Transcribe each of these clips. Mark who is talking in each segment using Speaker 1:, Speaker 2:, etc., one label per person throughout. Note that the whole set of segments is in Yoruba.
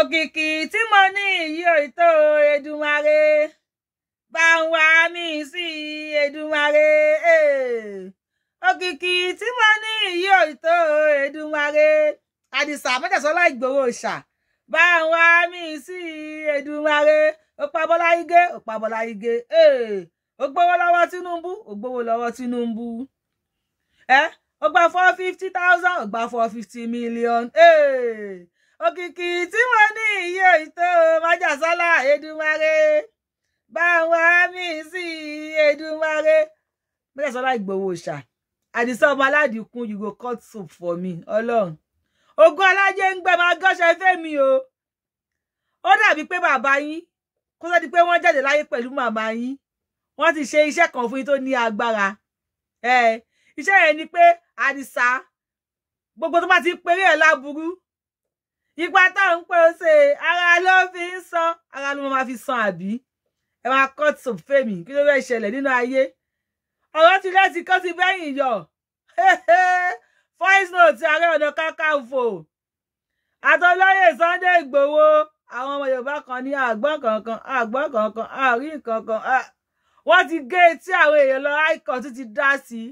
Speaker 1: òkìkí tí mo ní ìyí òìtó Èdùmàrè bá ń wá mi sí edumare. Eh. òkìkí tí mo ní ìyí òìtó Èdùmàrè àdìsá mẹ́tẹ̀sọ́lá ìgbòho ṣà bá ń wá mi sí edumare. òpá bọ́lá igé òpá bọ́lá igé eh. ó gbowó lọ́wọ́ Tinubu ó gbowó lọ́wọ́ Tinubu ẹ eh, ó gba four fifty thousand ó gba four fifty million. Hey òkìkí tí mo ní iye ìtò májàsálà edumare. bá wa mí sí Èdùmàrè májàsálà Ìgbòho Òòṣà àdìsá ọmọ aládìkún you go cut soup for me Ọlọ́run ogun alájẹ ń gbẹ máa gọṣẹ fẹmi o ó dàbí pé bàbá yín kó tó di pé wọ́n jáde láyé pẹ̀lú màmá yín wọ́n ti ṣe iṣẹ́ kan fún yín tó ní agbára iṣẹ́ yẹn ni pé àdìsá gbogbo tó bá ti péré ẹ̀ láburú ipa tá à ń pè ó ṣe ara ló fi ń san ara ló máa fi san àbí ẹ máa cut some fèmí kí ló fẹ́ ṣẹlẹ̀ nínú ayé ọ̀rọ̀ ti láti kọ́ ti bẹ́yìn yọ voice note ààrẹ ọ̀nà kákàǹfò àtọ́lọ́yè Sunday Ìgbòho àwọn ọmọ Yorùbá kan ní àgbọ̀n kankan àgbọ̀n kankan àrí kankan wọ́n ti gé etí àwọn èèyàn lọ àìkọ́ tó ti dá sí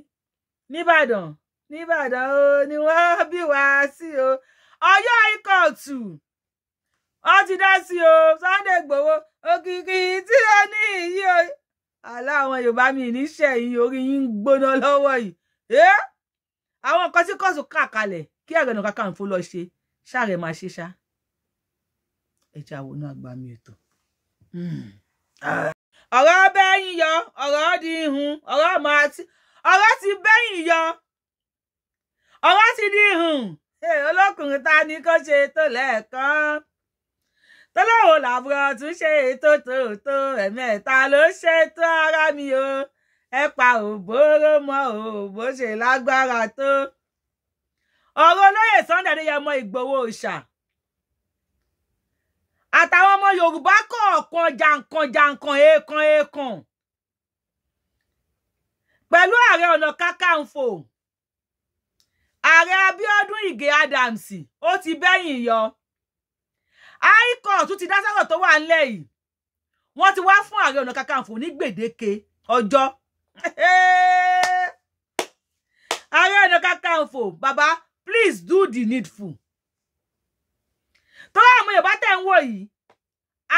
Speaker 1: nìbàdàn nìbàdàn o ni wọ́n bí wá sí o Ọ̀yọ́ ikọ̀tù wọ́n ti dá sí o Sunday Igboho òkìkí tí o ní ìyí o àlá àwọn Yorùbá mi níṣẹ̀yìn orí yín ń gbóná lọ́wọ́ yìí àwọn nǹkan tí kóòtù kà kalẹ̀ kí àgbẹ̀nù kàkàǹfò lọ ṣe ṣáà rẹ̀ máa ṣe ṣá ẹja wo náà gbà mí ètò. ọ̀rọ̀ bẹ́yìn yọ ọ̀rọ̀ di ihun ọ̀rọ̀ máa ti ọ̀rọ̀ ti bẹ́yìn yọ ọ̀rọ̀ ti di ihun olókùnrin ta ni kó ṣe tó lẹ́ẹ̀kan tọ́lọ́wọ́ làbúrò tún ṣe ètò tòótọ́ ẹ̀mẹ́ta ló ṣètò ara mi o ẹ pa òbóró mọ́ o bó ṣe lágbára tó ọ̀rọ̀ olóyè Sunday Adéyẹmọ Ìgbòho Òòṣà àtàwọn ọmọ Yorùbá kọ̀ọ̀kan jàǹkàn jàǹkàn èèkàn èèkàn pẹ̀lú Ààrẹ Ọ̀nà Kakanfò ààrẹ Abíọ́dún Ìgè Adams ó ti bẹ́yìn yọ high court ti dá sọ̀rọ̀ tó wà ńlẹ̀ yìí wọ́n ti wá fún ààrẹ ọ̀nà kakanfò ní gbèdéke ọjọ́ ààrẹ ọ̀nà kakanfò Baba. please do the needful tó àwọn Yorùbá tẹ̀ ń wò yìí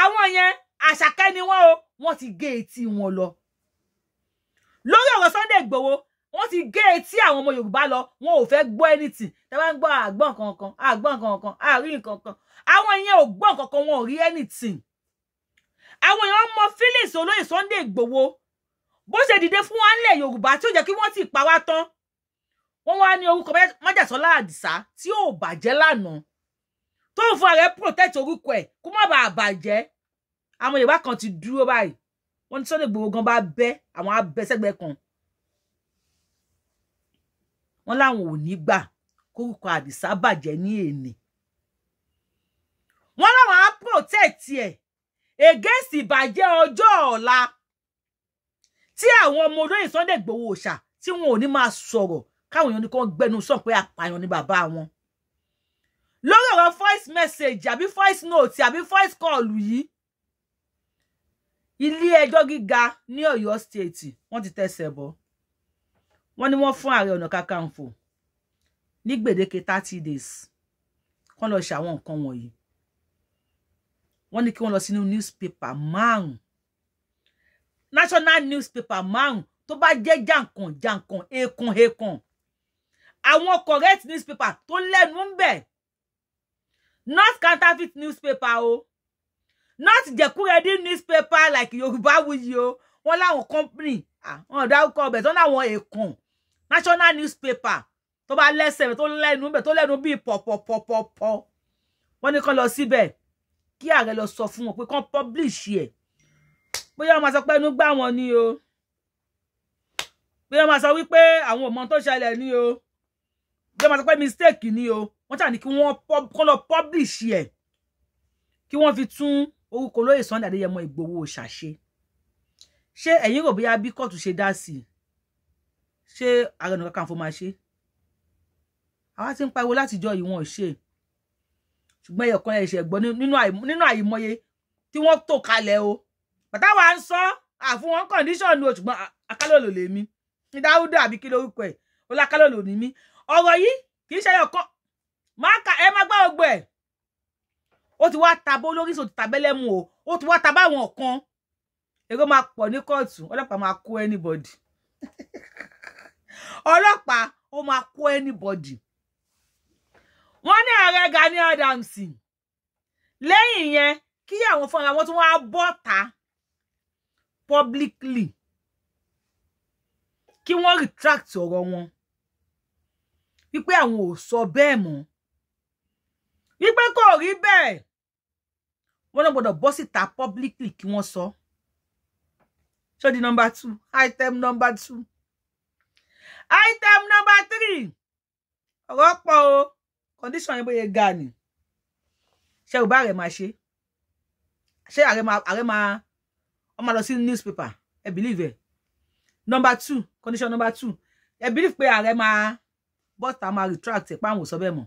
Speaker 1: àwọn yẹn àṣàkẹ́ ni wọ́n o wọ́n ti gé etí wọn lọ lórí ọ̀rọ̀ Sunday Igboho wọ́n ti gé etí àwọn ọmọ Yorùbá lọ wọn ò fẹ́ gbọ́ anything tẹ́ bá ń gbọ́ àgbọn kankan àgbọn kankan àrí nkankan àwọn ìyẹn ò gbọ́ kankan wọn ò rí anything àwọn èèyàn mọ Phillips olóyè Sunday Ìgbòho bó ṣe dìde fún wa nílẹ̀ Yorùbá tí ó jẹ́ kí wọ́n ti pa wá tán wọ́n wá ní orúkọ Májàsọ́lá Àdìsá tí ò bàjẹ́ lánàá tó ń fún ààrẹ protect orúkọ ẹ̀ kó má bàa bàjẹ́ àwọn Yorùbá kan ti dúró báyìí wọ́n ní Sunday Ìgbòho gan bá bẹ́ àwọn abẹ́sẹ́gbẹ́ kan wọn láwọn ò ní gbà kórúkọ àdìsá bàjẹ́ ní èní wọn láwọn á protect ẹ̀ against ìbàjẹ́ ọjọ́ ọ̀la tí àwọn ọmọ olóyè Sunday Igboho Òòṣà tí wọn ò ní máa sọ̀rọ̀ káwọn èèyàn ní kó gbẹnu sàn pé àpàyàn ni bàbá wọn lórí ọ̀rọ̀ voice message àbí voice note àbí voice call yìí ilé ẹjọ́ gíga ní Ọ̀yọ́ state wọ́n ti tẹ̀sẹ̀ bọ̀ wọ́n ní wọ́n fún ààrẹ ọ̀nà kakanfò ní gbèdéke thirty days kán lọ ṣe àwọn nǹkan wọ̀nyí wọ́n ní kí wọ́n lọ sínú newspaper márùn national newspaper márùn tó bá jẹ́ jàǹkàn jàǹkàn èèkàn èèkàn àwọn correct newspaper tó lẹ́nu ń bẹ not counterfeit newspaper o not jẹ̀kúrẹ́dí newspaper like Yorùbáwuyì o wọ́n láwọn company àwọn ọ̀dà ọkọ̀ ọbẹ̀ tó láwọn èèkàn national newspaper tó bá lẹ́sẹ̀ tó lẹ́nu bẹ̀ tó lẹ́nu bíi pọ̀pọ̀pọ̀pọ̀ wọ́n ní kán lọ síbẹ̀ kí ààrẹ lọ sọ fún wọn pé kán publish ẹ̀ bóyá wọ́n máa sọ pé ẹnu gbá wọn ni o bóyá wọ́n máa sọ wípé àwọn ò mọ tó ṣẹlẹ̀ ni o bóyá wọ́n máa sọ pé mistake ni o wọ́n ṣáà ní kí wọ́n kán lọ publish ẹ̀ kí wọ́n fi tún orúkọ olóyè Sunday Adéyẹmọ Ìgbòho ṣàṣe ṣé ẹ̀yin rò bóyá bí kóòtù ṣe dá sí ṣé ààrẹ ọ̀nà kakanfò máa ṣe àwa ti ń pariwo látijọ́ yìí wọn ò ṣe ṣùgbọ́n ẹ̀yọ̀kan ẹ̀ṣẹ̀ gbọ́ nínú àìmọye tí wọ́n tò kalẹ̀ o bàtà wa ń sọ àfún wọn kọ̀ǹdíṣọ̀nù o ṣùgbọ́n akálòlò lèmi ní dáúdà àbí kí lórúkọ ẹ̀ ó lákálòlò ní mí ọ̀rọ̀ yìí kì í ṣe ẹ̀yọ̀kan máa ka ẹ má gbá ogbó ẹ̀ ó ti wá tabó lórí sòtì tàbẹ́lẹ́mù o ó ti wá tabá àwọn kan èrò máa pọ̀ ní kóòtù ọlọ́pàá máa kó anybody. ọlọ́pàá ó máa kó anybody wọ́n ní ààrẹ Gani Adams lẹ́yìn yẹn kí àwọn fúnra wọn tún wá bọ́ta publicly kí wọ́n retract ọ̀rọ̀ wọn wípé àwọn ò sọ bẹ́ẹ̀ mọ́ wípé kò rí bẹ́ẹ̀ wọ́n náà gbọ́dọ̀ bọ́ síta publicly kí wọ́n sọ Show the number two item number two item number three ọ̀rọ̀ pọ̀ condition yẹn bóyá ga ni ṣé ò bá rẹ̀ máa ṣe ṣé ààrẹ máa ààrẹ máa ọ máa lọ sí newspaper ẹ believe it. number two condition number two ẹ believe pé are máa bọ́ta máa retract ẹ̀ páwọn ò sọ bẹ́ẹ̀ mọ́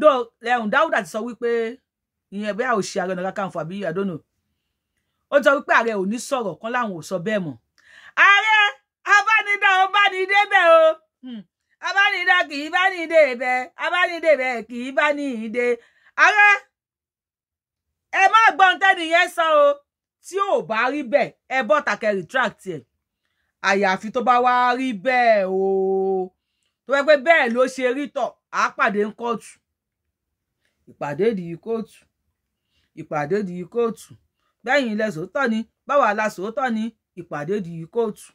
Speaker 1: do ẹ̀hún dáúdà ti sọ wípé a bẹ́ẹ̀ ò ṣe ààrẹ ọ̀nà kankan fún àbí I don't know ó sọ wípé ààrẹ ò ní sọ̀rọ̀ kan láwọn ò sọ bẹ́ẹ̀ mọ́ ààrẹ ní débẹ̀ o hmm. abánidá kì í bá ní débẹ̀ abánidébẹ̀ kì í bá ní ìdè ààrẹ ẹ má gbọ́n tẹ́nìyẹn sọ o tí ò bá rí bẹ́ẹ̀ ẹ bọ́ tàkẹ́ retract ẹ̀ àyàfi tó bá wá rí bẹ́ẹ̀ o tó wẹ́ pé bẹ́ẹ̀ ló ṣe rí tọ̀ á pàdé ń kóòtù ìpàdé di kóòtù ìpàdé di kóòtù bẹ́yìn ilẹ̀ sòótọ́ ni báwa la sòótọ́ ni ìpàdé di kóòtù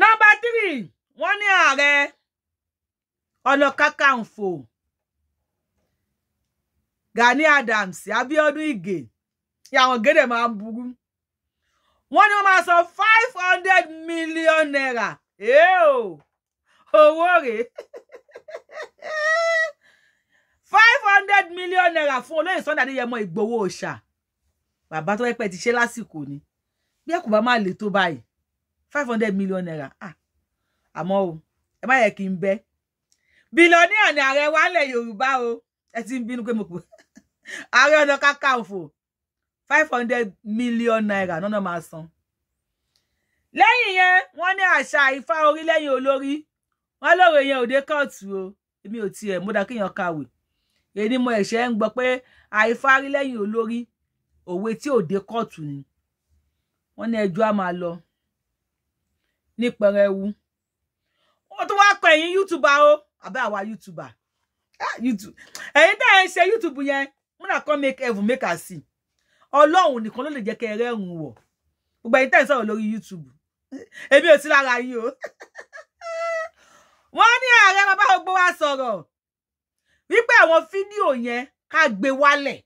Speaker 1: nọ́mbà tírì wọ́n ní ààrẹ ọ̀nà kakanfò Gani Adams Abiodun Ige àwọn gẹ́dẹ̀ máa ń burú wọ́n ní wọ́n máa san five hundred million naira owó rèé five hundred million naira fún olóyè Sunday Adéyẹmọ Ìgbòho Òòṣà bàbá tó pẹ́ ti ṣe lásìkò ni bí ẹ kò bá máa lè tó báyìí five hundred million naira ah àmọ́ o ẹ má yẹ kí n bẹ bílíọ̀nìyàn ni ààrẹ wa lẹ̀ yorùbá o ẹ ti ń bínú pé mo pè ààrẹ ọ̀nà kákàǹfò five hundred million naira nọ́nà máa san lẹ́yìn yẹn wọ́n ní àṣà ifá orí lẹ́yìn olórí wọ́n lóore yẹn òde kóòtù o èmi ò tiẹ̀ mú dákéèyàn kàwé èyí ni mo ẹ̀ṣẹ̀ ń gbọ́ pé àìfá rí lẹ́yìn olórí òwe tí òde kóòtù ni wọ́n ní ẹjọ́ á máa lọ ní pẹrẹwu wọn tún wá pè yín youtuber o àbẹ àwa youtuber youtube ẹ̀yin tẹ́ ẹ ń ṣe youtube yẹn múnà make heaven make her see Ọlọ́run nìkan ló le jẹ́ kẹ́ rẹ́rùn wọ̀ gbogbo ẹ̀yin tẹ́ ẹ ń sọ̀rọ̀ lórí youtube èmi ò sí lára yìí o wọ́n ní ààrẹ bàbá gbogbo wa sọ̀rọ̀ wípé àwọn fídíò yẹn ká gbé wálẹ̀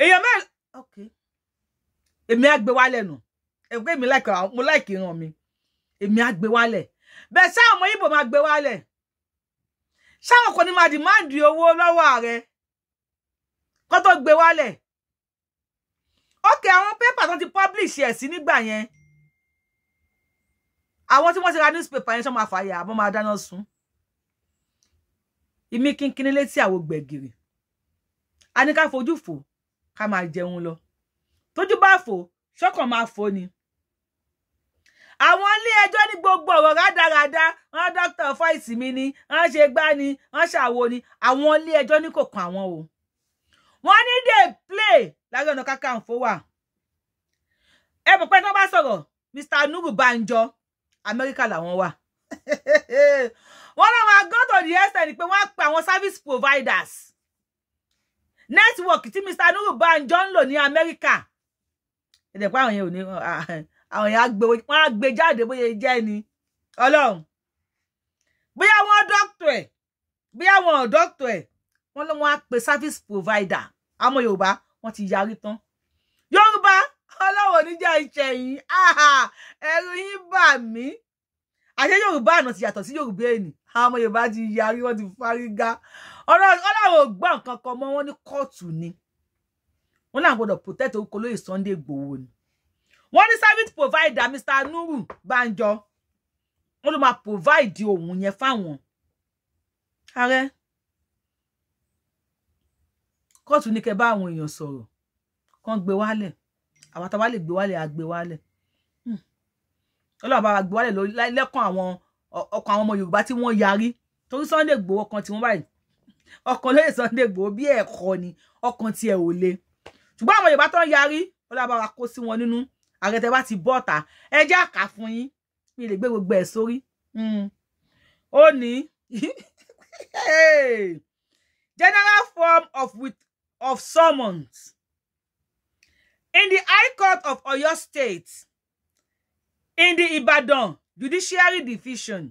Speaker 1: èèyàn mẹ́rin ok èmi á gbé wálẹ̀ nù. No ẹgbẹ́ mi láìka mo láìka ìran mi èmi á gbé wálẹ̀ bẹ́ẹ̀ sáwọn ọmọ Ìgbò máa gbé wálẹ̀ sáwọn kò ní máa dìmáàdì owó lọ́wọ́ ààrẹ kó tó gbé wálẹ̀ ókè àwọn pépà tó ti publish ẹ̀ sí nígbà yẹn àwọn tí wọ́n ti ra newspaper yẹn sọ máa fàyà àbọ̀ máa dáná sun ìmí kínkínní létí àwo gbẹ̀gìrì a ní ká fojú fò ká máa jẹun lọ tójú bá fò ṣọ́kàn máa fò ni àwọn ilé ẹjọ́ ní gbogbo ọ̀rọ̀ rádaràda wọn dókítà fọ́ìsì mi ni wọn ṣe gbá ni wọn ṣàwo ni àwọn ilé ẹjọ́ ní kò kan àwọn o wọn ní dey play Láàrẹ Ọ̀nà Kakanfò wà ẹ mọ̀ pé tí wọ́n bá sọ̀rọ̀ Mr. Nuhu Banjo Amẹ́ríkà làwọn wà wọ́n náà máa go to the extent pé wọ́n á pe àwọn service providers network tí Mr. Nuhu Banjo ń lò ní Amẹ́ríkà ẹ̀dẹ̀ pé àwọn yẹn ò ní ah, àwọn èèyàn á gbé wọn á gbé jáde bóyá jẹ́ ni ọlọ́run bóyá wọn dọ́kítọ̀ ẹ̀ bóyá wọn ò dọ́kítọ̀ ẹ̀ wọn ló wọn á pe service provider àmọ́ yorùbá wọn ti yarí tán yorùbá ọlọ́run oníjà ìṣẹ̀yìn ẹ̀rù yín bà mí àṣẹ yorùbá àná ti yàtọ̀ sí yorùbá ènì àmọ́ yorùbá ti yarí wọn ti fárígá ọlọ́run ò gbọ́ nǹkan kan mọ́ wọn ní kóòtù ni wọn làwọn gbọ́dọ̀ protect orúkọ lóye Sunday Igboho ni wọ́n ní service provider Mr. Nuru Banjo wọ́n ló máa provide ohun yẹn fáwọn ààrẹ kóòtù ní kẹ́ bá àwọn èèyàn sọ̀rọ̀ kán gbé wálẹ̀ àwọn tá a bá lè gbé wálẹ̀ á gbé wálẹ̀ hmm. ọlọ́run bá wa gbé wálẹ̀ lẹ́kàn àwọn ọkàn àwọn ọmọ Yorùbá tí wọ́n yarí torí Sunday Igboho ọkàn tí wọ́n báyìí ọkàn lóye Sunday Igboho bí ẹ̀kọ́ ni ọkàn tiẹ̀ ò le ṣùgbọ́n àwọn Yorùbá tó ń yarí ọlọ́run bá wa kó sí wọn nínú àrètè bá ti bọ́ ẹ jẹ́ àkà fún yín mi lè gbé gbogbo ẹ̀ sórí hmm. ó ní general form of with of summons in the High Court of Oyo State in the Ibadan Judiciary Division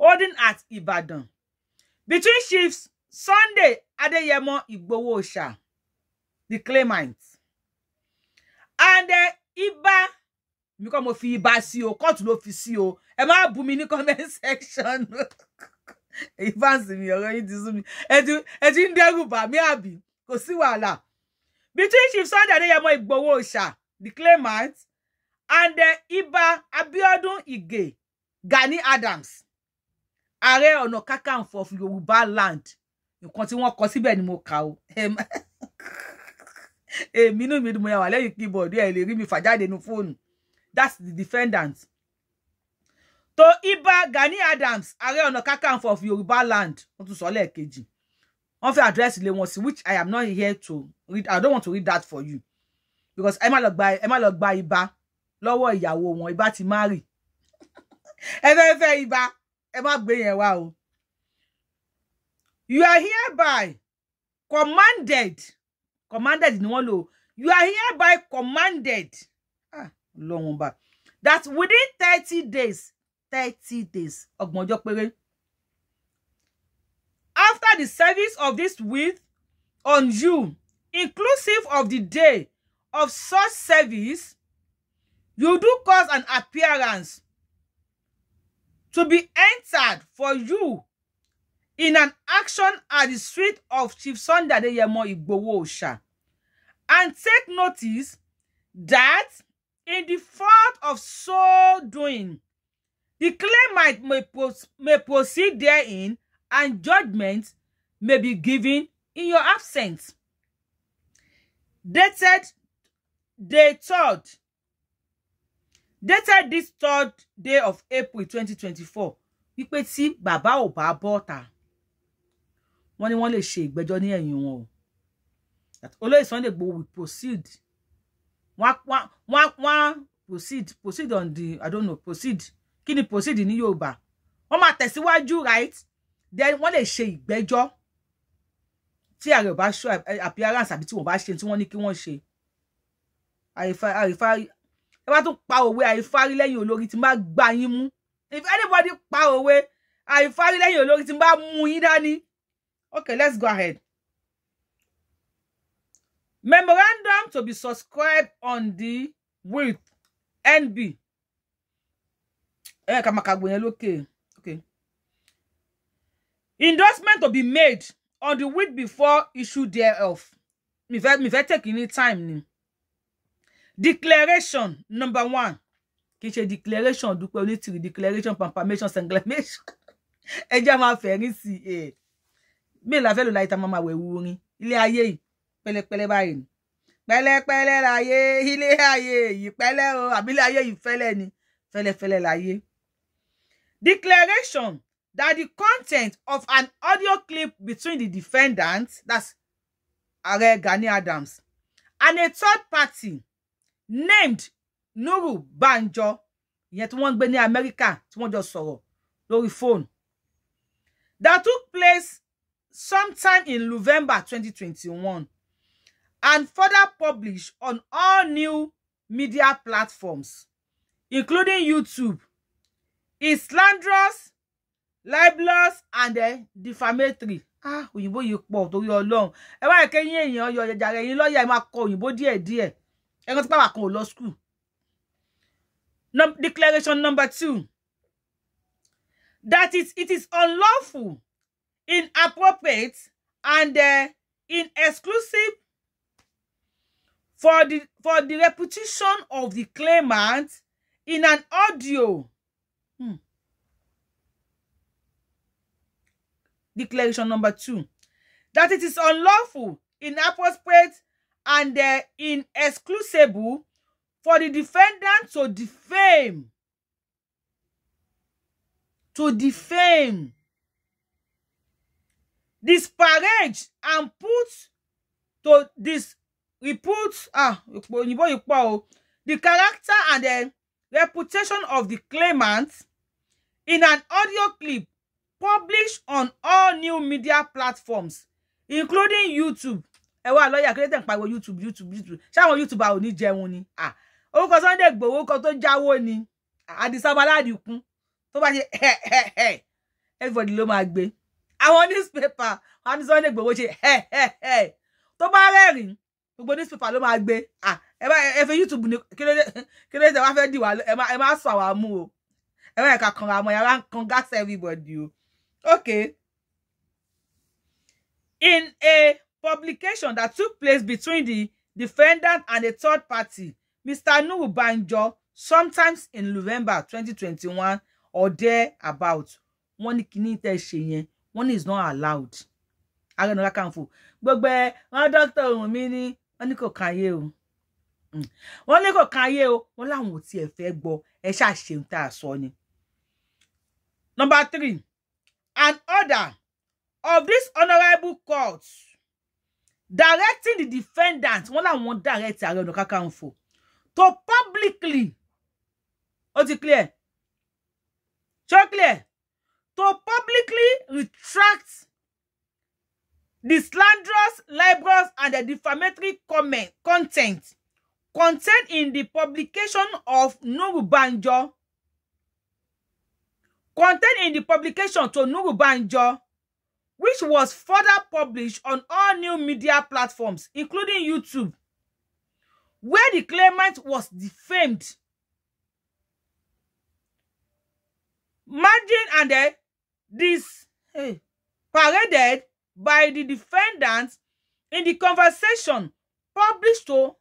Speaker 1: holding at Ibadan between chiefs Sunday Adeyemo Igboho the claimant and the Iba mi kọ́ mo fi ibà sí o kóòtù ló fi sí o ẹ má bú mi ní comment section èyí fáǹsì mi ọ̀rọ̀ yìí ti mi ẹ ti ń dẹ́rù bà mí àbí kò sí between Chief Sunday Adéyẹmọ Ìgbòho Òòṣà the claimant and then ibà Abíọ́dún Ìgè Gani Adams ààrẹ ọ̀nà kakanfò of Yorùbá land nǹkan tí wọ́n kọ síbẹ̀ ni mo kà o èmi inú mi mo yà wà lẹ́yìn keyboard ẹ̀ lè rí mi fà nu fóònù that's the defendant. to Iba Gani Adams Ààrẹ Ọ̀nà Kakanfò of Yorùbá land wọ́n tún sọ lẹ́ẹ̀kejì wọ́n fẹ́ address ilé wọn sí which I am not here to read I don't want to read that for you because ẹ má lọ gba ẹ má lọ gba Ìbà lọ́wọ́ ìyàwó wọn Ìbà ti marry ẹ fẹ́ fẹ́ Ìbà ẹ má gbé yẹn wá o you are hereby commanded commanded ni wọ́n lò you are hereby commanded ah lọ́wọ́n bá that within thirty days thirty days ọgbọ̀n ọjọ́ after the service of this with on you inclusive of the day of such service you do cause an appearance to be entered for you in an action at the street of Chief Sunday Adeyemo Igboho Osha. And take notice that in the fault of so doing, the claim might may, may proceed therein and judgment may be given in your absence. Dated day third, dated this third day of April 2024, wípé tí bàbá ò bá Baba ta wọ́n ní wọ́n lè ṣe ìgbẹ́jọ́ ní ẹ̀yìn wọn o olóyè Sunday Igboho will proceed wọ́n wọ́n wọ́n proceed proceed on the i don't know proceed kí ni proceed ní Yorùbá wọ́n máa tẹ̀síwájú right then wọ́n lè ṣe ìgbẹ́jọ́ tí ààrẹ bá ṣọ́ appearance àbí tí wọ́n bá ṣe tí wọ́n ní kí wọ́n ṣe àìfárí ẹ bá tún pa òwe àìfárí lẹ́yìn olórí tí má gbá yín mú if anybody pa òwe àìfárí lẹ́yìn olórí tí má mú yín dání Okay, let's go ahead. Memorandum to be subscribed on the with NB. Eh, okay. Okay. Endorsement to be made on the week before issue thereof. Me fẹ́ mi fẹ́ take any time ni. Declaration number one. Kiche í ṣe declaration dúpẹ́ declaration confirmation sanglamation. Eja jẹ́ máa fẹ̀rí sí mélòó la fẹ́ lò láyé tá a máa wẹ̀ ilé ayé yìí pẹ̀lẹ́pẹ̀lẹ́ báyìí ni pẹ̀lẹ́pẹ̀lẹ́ láyé ilé ayé yìí pẹ̀lẹ́ o àbílẹ̀ ayé yìí fẹ́lẹ́ ni fẹ́lẹ́fẹ́lẹ́ láyé. Declaration that the content of an audio clip between the defendant that's Ààrẹ Gani Adams and a third party named Nuru Banjo ìyẹn tí wọ́n ń gbé ní Amẹ́ríkà tí wọ́n jọ sọ̀rọ̀ lórí fóònù that took place sometime in November 2021 and further published on all new media platforms, including YouTube, is slanderous, libelous, and uh, eh, defamatory. Ah, òyìnbó yìí pọ̀ torí Ọlọ́run. Ẹ wá ẹ̀kẹ́ yín èèyàn yọ jàre yín lọ́ọ̀yà ẹ máa kọ òyìnbó díẹ̀díẹ̀. Ẹ rántí pàwà kan ò school. skul. Declaration number two. That is, it is unlawful inappropriate and uh, inexclusive for the for the reputation of the claimant in an audio hmm. declaration number two that it is unlawful inappropriate and uh, inexcusable for the defendant to defame to defame disparage and put to this repute ah òyìnbó yìí pọ̀ o the character and the reputation of the claimant in an audio clip published on all new media platforms including youtube ẹ wá lọ́ọ̀yà kí ló tẹ̀ ń pariwo youtube youtube youtube ṣáwọn youtube àwọn òní jẹun ni ah orúkọ sunday gbowó kan tó jáwó ni àdìsábaládìkún tó bá ṣe everybody ló máa gbé àwọn newspaper wọn ní Sunday Igboho ṣe tó bá rẹ́rìn gbogbo newspaper ló máa gbé ẹ fẹ́ YouTube ní kílódé tẹ wá fẹ́ dì wá ẹ má sọ àwa mú o ẹ má ẹ̀ka kanra àmọ́ yàrá kan gas everybody o okay in a publication that took place between the defendant and a third party Mr. Nuhu Banjo sometimes in November 2021 or thereabout wọ́n ní kíní tẹ́ ṣe yẹn wọ́n ní it's not allowed ààrẹ ọ̀nà kakanfò gbogbo ẹ wọ́n dókítà ohun mi ní wọ́n ní kò kan ayé o hmm. wọ́n ní kò kan ayé o wọ́n láwọn ò tiẹ̀ fẹ́ gbọ́ ẹ ṣáà ṣe ohun tá a sọ ni. number three an order of this honourable court directing the defendant wọ́n láwọn direct ààrẹ ọ̀nà kakanfò to publicly ó ti clear ṣó clear to publicly retract the slanderous, libelous, and the defamatory comment, content contained in the publication of Nurubanjo. Contained in the publication to Nurubanjo, which was further published on all new media platforms, including YouTube, where the claimant was defamed. Margin and the this paraded by the defendant in the conversation published to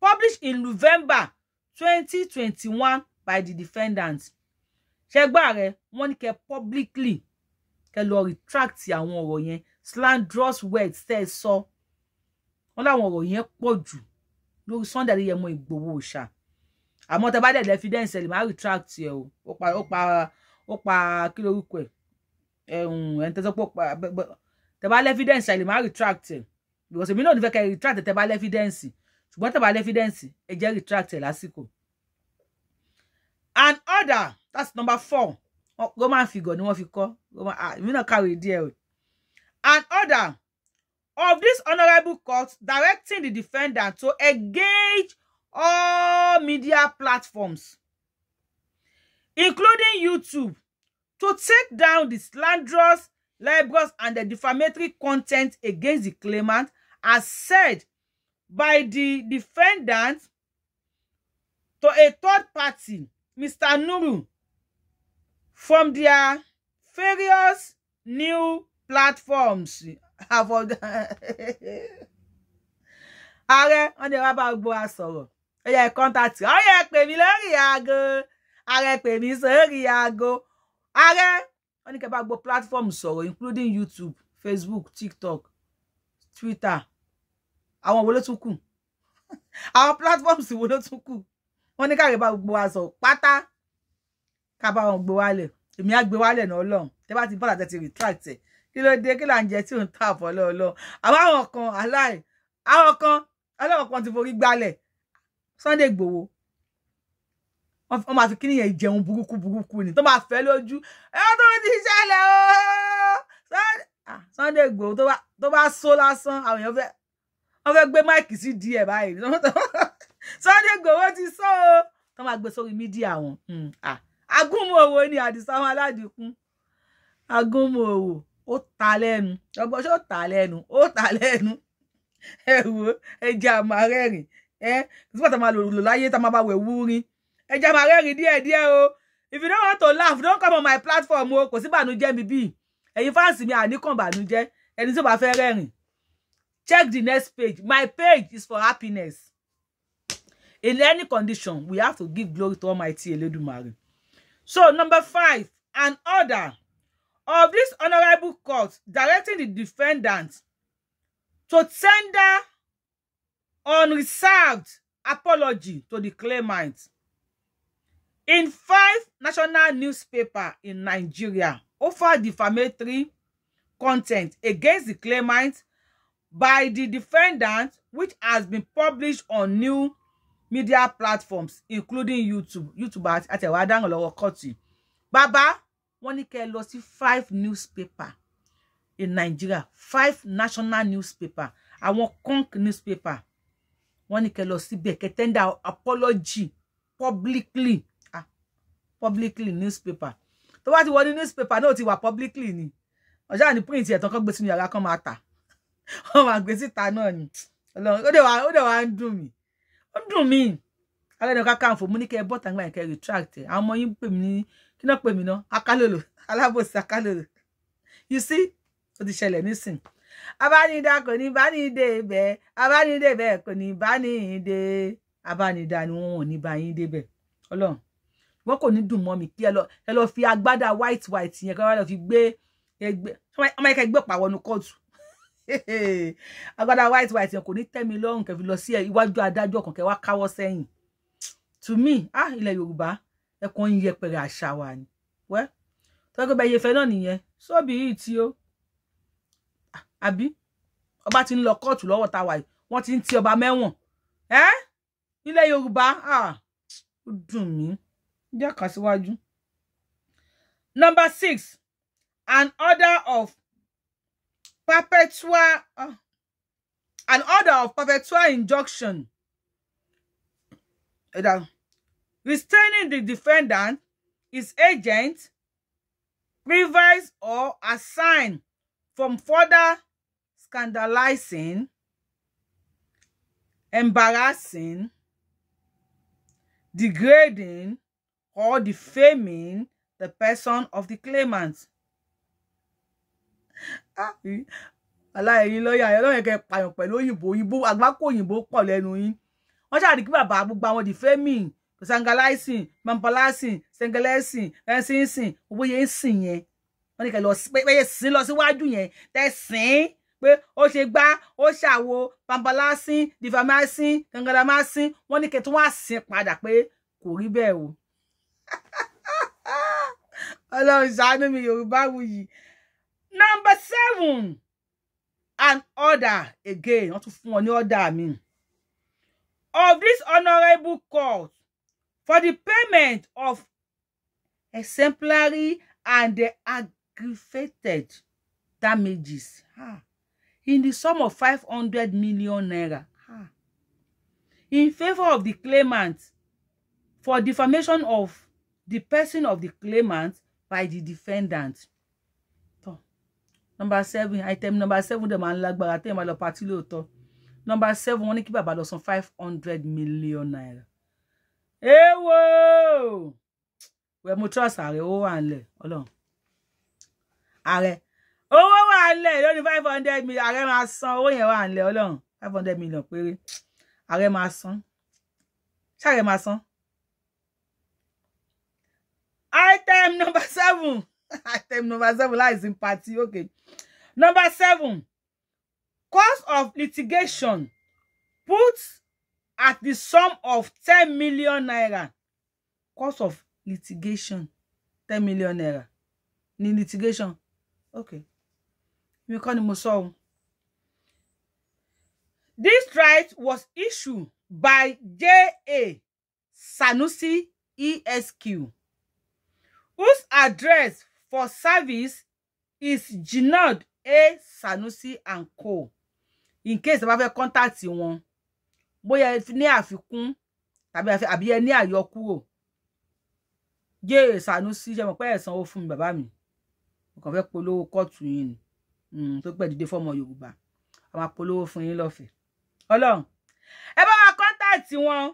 Speaker 1: published in November 2021 by the defendant ṣẹgbà rẹ wọ́n ní kẹ́ publicly kẹ́ lọ retract àwọn ọ̀rọ̀ yẹn slanderous words tẹ́ ẹ sọ wọ́n láwọn ọ̀rọ̀ yẹn pọ̀ jù lórí Sunday Adéyẹmọ Ìgbòho ṣá àmọ́ tẹ́ bá dẹ̀ lẹ́fídẹ́ǹsì ẹ̀ lè má retract ẹ̀ o ó pa ó pa ó pa kí lórúkọ ẹ̀ ẹni tẹ́sán pọ̀ tẹ́bá lẹ́fídẹ́ǹsì àìlè má retract ẹ̀ because èmi náà ní fẹ́ kẹ́ retract ẹ̀ tẹ́bá lẹ́fídẹ́ǹsì ṣùgbọ́n tẹ́bá lẹ́fídẹ́ǹsì ẹ jẹ́ retract ẹ̀ lásìkò. an order that's number four roman figure ni wọ́n fi kọ́ ah, èmi náà kàwé díẹ̀ o an order of this honourable court directing the defendant to engage all media platforms including YouTube to take down the slanderous, libelous, and the defamatory content against the claimant as said by the defendant to a third party, Mr. Nuru, from their various new platforms have all wọn Are wọn bá gbọ àsọ̀rọ̀ ó yẹ kọńtàtì ó yẹ pè mí lórí aago ààrẹ pè mí sórí ààrẹ wọn ní kẹ́ bá gbọ́ including YouTube Facebook TikTok Twitter àwọn wo ló tún kù àwọn platforms wo ló tún kù wọn ní káàrẹ bá gbogbo wa sọ pátá ká bá wọn gbé wálẹ̀ èmi á gbé wálẹ̀ náà lọ́hùn tẹ́ bá ti bọ́lá tẹ́ ti retract ẹ̀ kí ló dé kí là ń jẹ tí ò ń tà àbọ̀ lọ́ọ̀lọ́ àwọn kan aláì Sunday Igboho wọ́n máa fi kí nìyẹn jẹun burúkú burúkú ni tó máa fẹ́ lójú ẹ tó ti ṣẹlẹ̀ o Sunday Igboho tó bá só lásán àwọn èèyàn fẹ́ wọ́n fẹ́ gbé máìkì sí díẹ̀ báyìí Sunday Igboho ti sọ o tó máa gbé sórí mídíà wọn hmm, agúnmòwò ni àdìsá wọn aládìkún agúnmòwò ó ta lẹ́nu ọgbọ́n ṣé ó ta lẹ́nu ó ta lẹ́nu ẹ wo ẹ jẹ́ àmọ́ rẹ́rìn ẹ sípò tá a máa lò láyé tá a máa bá wẹ̀ wúrin ẹ jẹ́ máa rẹ́rìn díẹ̀ díẹ̀ o if you don't want to laugh don't come on my platform o kò sí bànújẹ́ mi bíi ẹ̀yin fáǹsì mi àníkàn bànújẹ́ ẹni tó bá fẹ́ rẹ́rìn check the next page my page is for happiness in any condition we have to give glory to Almighty Eledumare so number five an order of this honorable court directing the defendant to tender unreserved apology to the claimant in five national newspaper in Nigeria offer defamatory content against the claimant by the defendant which has been published on new media platforms including YouTube YouTube àtẹ̀wá Adárànlọ́wọ́ kọ́ọ̀tì bàbá wọ́n ní kẹ́ ẹ lọ sí five newspaper in Nigeria five national newspaper àwọn conk newspaper wọ́n ní kẹ́ ẹ lọ síbẹ̀ kẹ́ tender apology publicly publicly newspaper tó bá ti wọ ní newspaper náà ti wà publicly ni ọjà ní print ẹ̀ tán kán gbé sínú yàrá kan máa tà wọ́n máa gbé síta náà ni ọlọ́run ó dẹ̀ wá ó dẹ̀ wá ń dùn mí ó ń dùn mí alẹ́nu Kakanfò mú ní kẹ́ ẹ bọ́ tàǹgbà yẹn kẹ́ ẹ retract ẹ̀ àwọn ọmọ yín pè mí ní kí náà pè mí ná akálòlò alábòsí akálòlò you see ó ti ṣẹlẹ̀ nísìn abánidá kò ní bá ní dé ibẹ̀ abánidé bẹ́ẹ̀ kò ní bá ní dé abánidá ni wọ́n ò ní bá yín débẹ̀ ọlọ́run ṣùgbọ́n kò ní dùn mọ́ mi kí ẹ lọ ẹ lọ fi agbádá white white yẹn kí wọ́n lọ fi gbé ẹgbẹ́ ọmọ yẹn kẹ́ gbé pàwọ́ nu kóòtù agbádá white white yẹn kò ní tẹ́ mi lọ́rùn kẹ́ fi lọ sí iwájú adájọ́ kan kẹ́ wá káwọ́ sẹ́yìn to me ah ilẹ̀ yorùbá ẹ̀kan ń yẹpẹrẹ àṣà wa ni wẹ́ tọ́gbẹ́ bẹ́ẹ̀ yẹfẹ́ náà nìyẹn sóbì yìí tí ó àbí ọba ti ń lọ kóòtù lọ́wọ́ ta wà yìí wọ́n ti ń ti ọba mẹ́wọ̀n ẹ́ ilẹ̀ yorùbá ah ó dùn mí jẹ́ kà síwájú. number six an order of perpetual uh, ah, an order of perpetual injunction restraining the defendant his agent privilege or assign, from further scandalizing embarrassing degrading or defaming the person of the claimant. aláìyín lọ́yà ẹ̀ lọ́yẹ̀ kẹ́ pààyàn pẹ̀lú òyìnbó òyìnbó àgbákò òyìnbó pọ̀ lẹ́nu yín wọ́n ṣàdí kí bàbá ba àwọn defaming sangalaising mampalasing sengalesing ẹ̀sìnsìn owó yẹn ń sìn yẹn wọ́n ní kẹ́ lọ pẹ́yẹ sí lọ síwájú yẹn tẹ̀sìn pé ó ṣe gbá ó ṣàwo pampalasing difamasing gangalamasin wọ́n ní kẹ́ tó wá sìn padà pé kò rí bẹ́ẹ̀ Ọlọ́run ṣàánú mi Yorùbáwùyí number seven an order again wọ́n tún fún wọn ní order mi of this honourable court for the payment of exemplary and aggravated damages ah, in the sum of five hundred million naira ah, in favour of the claimant for defamation of the person of the claimant by the defendant. Number seven item number seven the máa ń lágbára tẹ́yìn máa lọ patí lóòótọ́ nọmba seven one ní kí bàbá lọ san five hundred million naira. Èwo We mo trust ààrẹ owó wà ńlẹ̀ ọlọ́run ààrẹ owó wà ńlẹ̀ lónìí five hundred million ààrẹ máa san owó yẹn wà ńlẹ̀ ọlọ́run five hundred million péré ààrẹ máa san ṣáàrẹ máa san item number seven item number seven is in party okay number seven cost of litigation put at the sum of ten million naira cost of litigation ten million naira ní litigation okay We kọ́ ni this right was issued by J.A. Sanusi ESQ whose address for service is Jinad A Sanusi and Co. in case ẹ bá fẹ́ contact wọn bóyá ní àfikún tàbí àbí ẹ ní àyọkúrò J Sanusi ṣe mọ̀ pé ẹ sanwó fún mi bàbá mi mo kàn fẹ́ polówó kóòtù yìí ni hmm, tó pẹ́ dìde fọ́mọ Yorùbá a máa polówó fún yín lọ́fẹ̀ẹ́ Ọlọ́run ẹ bá wa contact wọn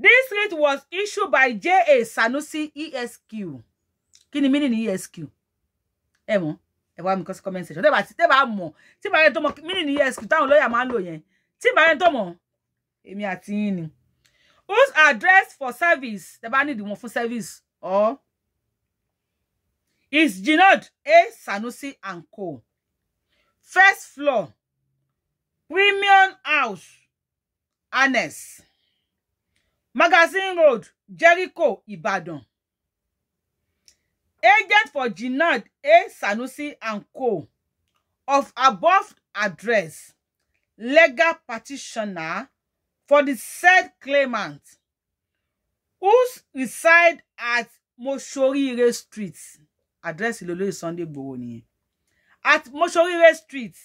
Speaker 1: This writ was issued by J.A. Sanusi ESQ. Kí ni meaning ESQ? Ẹ mọ̀, ẹ wá mi kọ́ comment section. Tẹ́ bá tẹ́ bá mọ̀, tí bá yẹn tó mọ̀ meaning ESQ táwọn lọ́ọ̀yà máa ń lò yẹn. Tí bá yẹn tó mọ̀, èmi àti ni. Whose address for service? Tẹ́ bá need wọn fún service or is Jinod A. Sanusi and Co. First floor, Premium House, Annex. Magazine Road, Jericho, Ibadan. Agent for Jinad A. Sanusi and Co. of above address, legal petitioner for the said claimant, who reside at Mosoriire Street. Address Ilolo Sunday Igboho nìyẹn. At Mosoriire Street,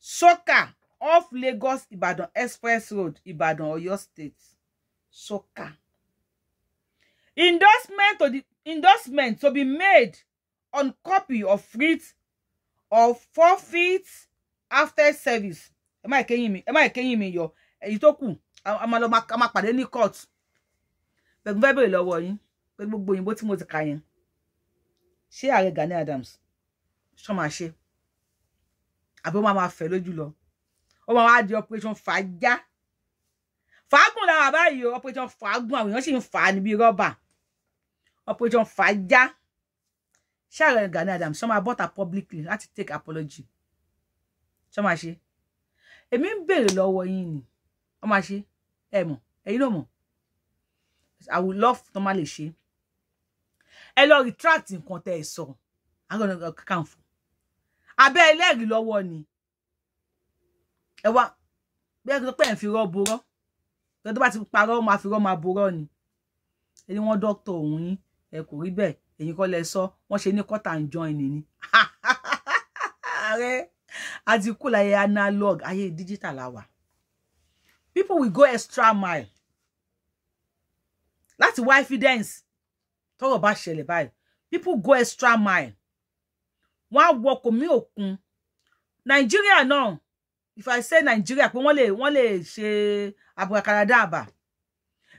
Speaker 1: Soka off Lagos Ibadan Express Road, Ibadan, Oyo State soccer. Endorsement to, the, endorsement to be made on copy of writ or forfeit after service. Am I ìkéyìn me? Am I ìkéyìn me? Yo, èyí tó kù, a máa lọ máa pàdé ní court. Bẹ̀gbọ́n fẹ́ bèrè lọ́wọ́ yín, pé gbogbo òyìnbó tí mo ti kà yẹn. Ṣé ààrẹ Gani Adams ṣọ́ máa ṣe? Àbí mama máa máa fẹ̀ lójú lọ? Ó máa wá di operation fàájá fàágùn làwọn àbáyé operation fàágùn àwọn èèyàn sì ń fà á níbi rọ́bà operation fàájá ṣàrẹ Gani Adams sọ máa bọ́ta publicly láti take apology sọ máa ṣe èmi ń béèrè lọ́wọ́ yín ni wọ́n máa ṣe ẹ mọ̀ ẹ̀yin náà mọ̀ I will love tó má lè ṣe ẹ lọ retract nǹkan tẹ ẹ sọ àgọ́nà kàǹfò abẹ́ ẹlẹ́rìí lọ́wọ́ ni ẹ wá bí ẹ sọ pé ẹ̀ ń fi rọ́ gbẹ tó bá ti parọ́ máa fi rọ́ máa borọ́ ni ẹni wọ́n dókítà òun yín ẹ kò rí bẹ́ẹ̀ èyí kọ́ lẹ sọ wọ́n ṣe ní kọ́tà ń jọ ìní ni ààrẹ àti kú láyé analog ayé digital la people will go extra mile láti wá evidence tọ́rọ̀ bá ṣẹlẹ̀ báyìí people go extra mile wọ́n á wọ kòmí òkun nàìjíríà náà if i say nàìjíríà pé wọ́n lè wọ́n lè ṣe àbùkàkàrà dáàbà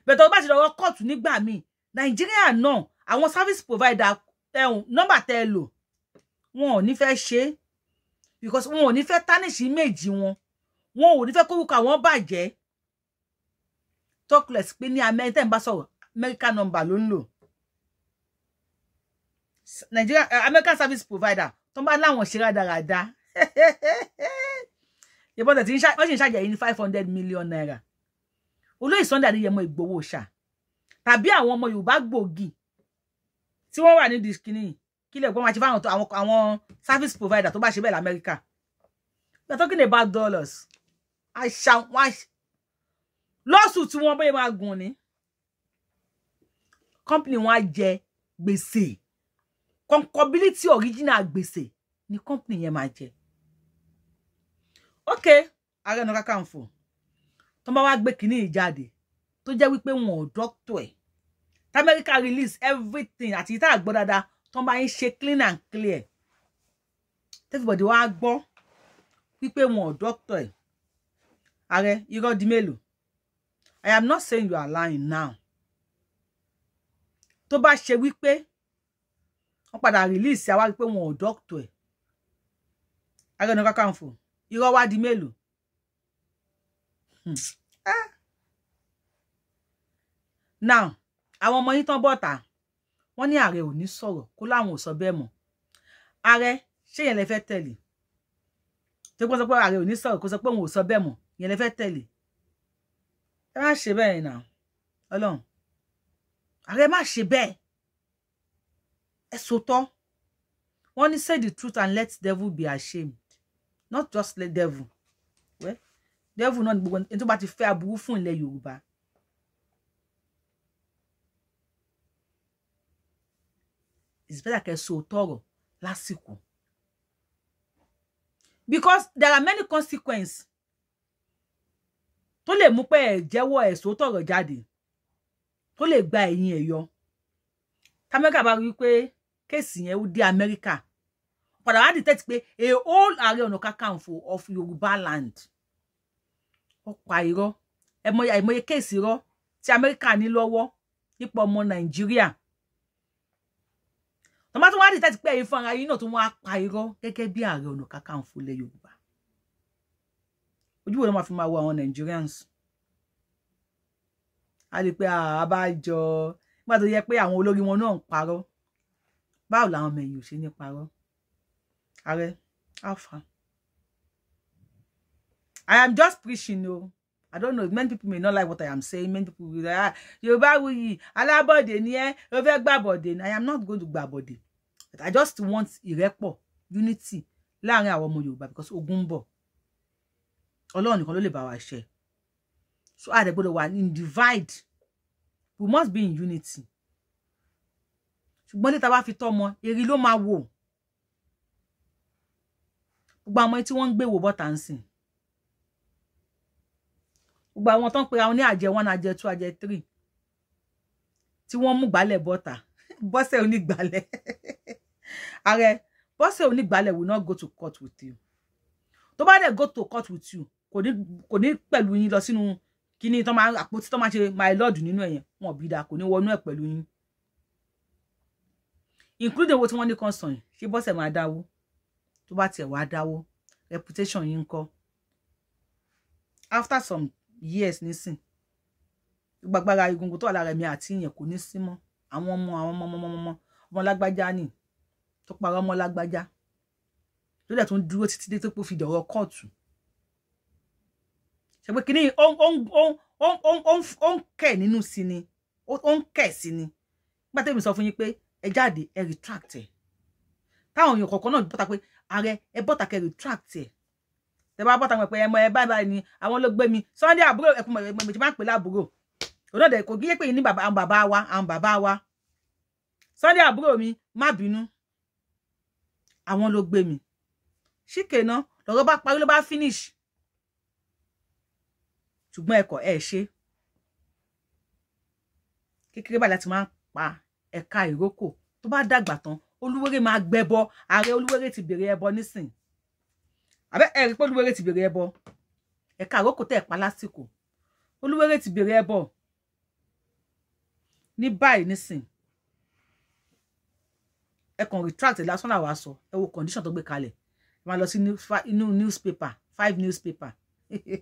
Speaker 1: bẹ̀tọ̀ bá ti lọ́wọ́ kóòtù nígbà míì nàìjíríà náà àwọn service provider ẹ̀hún eh, nọ́mbà tẹ́ ẹ lò wọn ò ní fẹ́ ṣe é because wọn ò ní fẹ́ tánìṣì méjì wọn wọn ò ní fẹ́ kórúkọ àwọn bàjẹ́ talkless pé ní amẹ́ríkà tẹ́ ń bá sọ̀rọ̀ amẹ́ríkà nọ́mbà ló ń lò nigeria eh, american service provider tó ń bá láwọn ṣe rádaràda ìbọn tẹ̀ tí wọ́n sì ń ṣàjẹ́ yìí ní five hundred million naira olóyè Sunday Adéyẹmọ Ìgbòho ṣá tàbí àwọn ọmọ Yorùbá gbòógì tí wọ́n wà ní diskini kílẹ̀ ògbọ́n máa ṣe fáwọn àwọn service provider tó bá ṣe bẹ́ẹ̀ l'Amẹ́ríkà we are talking about dollars àṣà wọn lọ́sùn tí wọ́n bẹ́ẹ̀ máa gùn ni company wọn á jẹ gbèsè concobility original gbèsè ni company yẹn máa jẹ ok Ààrẹ Ọ̀nà Kakanfò tó bá wá gbé kínní ìjáde tó jẹ́ wípé wọn ò dọ́kítọ̀ ẹ̀ tamẹ́ríkà release everything àti ìta àgbọ̀ dáadáa tó bá ń ṣe clean and clear tẹ́fìbọ̀dì wá gbọ́ wípé wọn ò dọ́kítọ̀ ẹ̀ ààrẹ irọ́ di mélòó I am not saying you are lying now tó bá ṣe wípé wọ́n padà release àwa wípé wọn ò dọ́kítọ̀ ẹ̀ ààrẹ ọ̀nà kakanfò irọ́ wá di mélòó Hmm. Ah. now àwọn ọmọ yín tán bọ́ta wọ́n ní ààrẹ ò ní sọ̀rọ̀ kó láwọn ò sọ bẹ́ẹ̀ mọ́ ààrẹ ṣé yẹn lè fẹ́ tẹ̀lé tó gbọ́n sọ pé ààrẹ ò ní sọ̀rọ̀ kó sọ pé òun ò sọ bẹ́ẹ̀ mọ́ yẹn lè fẹ́ tẹ̀lé ẹ má ṣe bẹ́ẹ̀ náà ọlọ́run ààrẹ má ṣe bẹ́ẹ̀ ẹ sòtọ́ wọ́n ní say the truth and let devil be ashamed not just let devil well devil náà ni gbogbo ẹni tó bá ti fẹ́ aburú fún ilẹ̀ yorùbá it's better kẹ́ sọ tọrọ lásìkò because there are many consequences tó lè mú pé ẹ jẹ́wọ́ ẹ sọ tọrọ jáde tó lè gba ẹ̀yìn ẹ̀ yọ tamẹ́ríkà bá rí i pé kéèsì yẹn ó dé amẹ́ríkà padà wá dìtẹ́tì pé a whole Ààrẹ Ọ̀nà Kakanfò of Yorùbá land ọ̀pá irọ́ ẹ̀mọye àìmọye kéèsì irọ́ tí Amẹ́ríkà ní lọ́wọ́ nípa ọmọ Nàìjíríà tọ́mọ́ tó wá dì tẹ́tí pé ẹ̀yin fún ara yín náà tó wọ́n á pa irọ́ gẹ́gẹ́ bí ààrẹ ọ̀nà kakanfò ilẹ̀ Yorùbá ojú wo ló fi máa wo àwọn Nigerians a lè pe àbájọ ah, nígbà tó yẹ pé àwọn olórí wọn náà ń parọ́ báwo làwọn ọmọ ẹ̀yìn ò ṣe ní parọ́ ààrẹ alpha I am just preaching, no. Oh. I don't know. Many people may not like what I am saying. Many people will say, ah, Yorùbá wuyì, alábọ̀dé ni ẹ́, ó fẹ́ gbàbọ̀dé ni. I am not going to gbàbọ̀dé. But I just want ìrẹ́pọ̀, unity láàrin àwọn ọmọ Yorùbá because ogumbo. ń bọ̀. Ọlọ́run nìkan ló So I dẹ̀ gbọ́dọ̀ wà in divide. We must be in unity. Ṣùgbọ́n létà fi tomo èrì ló máa wò. Gbogbo àwọn tí wọ́n ń gbé gbogbo àwọn tó ń pera wọn ní àjẹ one àjẹ two àjẹ three tí wọ́n mú gbálẹ̀ bọ́ta bọ́sẹ̀ onígbálẹ̀ ààrẹ bọ́sẹ̀ onígbálẹ̀ will not go to court with you tó bá dẹ̀ go to court with you kò ní kò ní pẹ̀lú yín lọ sínú kíní tó máa àpótí tó máa ṣe my lord nínú ẹ̀yẹn wọn bí da kò ní wọnú ẹ̀ pẹ̀lú yín including owó tí wọ́n ní kan sàn yìí ṣé bọ́sẹ̀ máa dáwó tó bá tiẹ̀ wá dáwó reputation yín ń kọ́ after some years Nisin. gbàgbára egungun tó wà lára mi àti ìyẹn kò ní sí mọ́ àwọn ọmọ àwọn ọmọ ọmọ ọmọ ọmọ lágbájá ni tó para ọmọ lágbájá tó dẹ̀ tó ń dúró títí dé tó pò fi dọ̀rọ̀ on on on on on on kẹ̀ nínú sí ni ó ń kẹ̀ ni nígbà tẹ́mi sọ fún yín pé ẹ jáde ẹ retract ẹ táwọn èèyàn kọ̀ọ̀kan náà bọ́ta pé ààrẹ ẹ bọ́ta kẹ retract ẹ tẹ bá bọ́ta pẹ̀pẹ́ ẹmọ ẹ báyìí báyìí ni àwọn ló gbé mi Sunday àbúrò ẹkùn mọ̀jì máa ń pè láàbúrò òun náà kò gíyé pé ní àwọn bàbá wa àwọn bàbá wa Sunday àbúrò mi má bínú àwọn ló gbé mi ṣìkèna lọ́rọ̀ bá parí ló bá finish ṣùgbọ́n ẹ̀kọ́ ẹ̀ ṣe kékeré báyìí láti máa pa ẹ̀ka ìrókò tó bá dàgbà tán olúwérè máa gbẹbọ ààrẹ olúwérè ti bèrè ẹbọ nísìnyí àbẹ́ ẹ̀rí pé olúwerè ti bèrè ẹbọ ẹ̀ka àrókò tẹ̀ pa lásìkò olúwerè ti bèrè ẹbọ ní báyìí nísìn ẹ kàn retract lásán làwa sọ ẹ wo condition tó gbé kalẹ̀ ẹ máa lọ sí inú newspaper five newspaper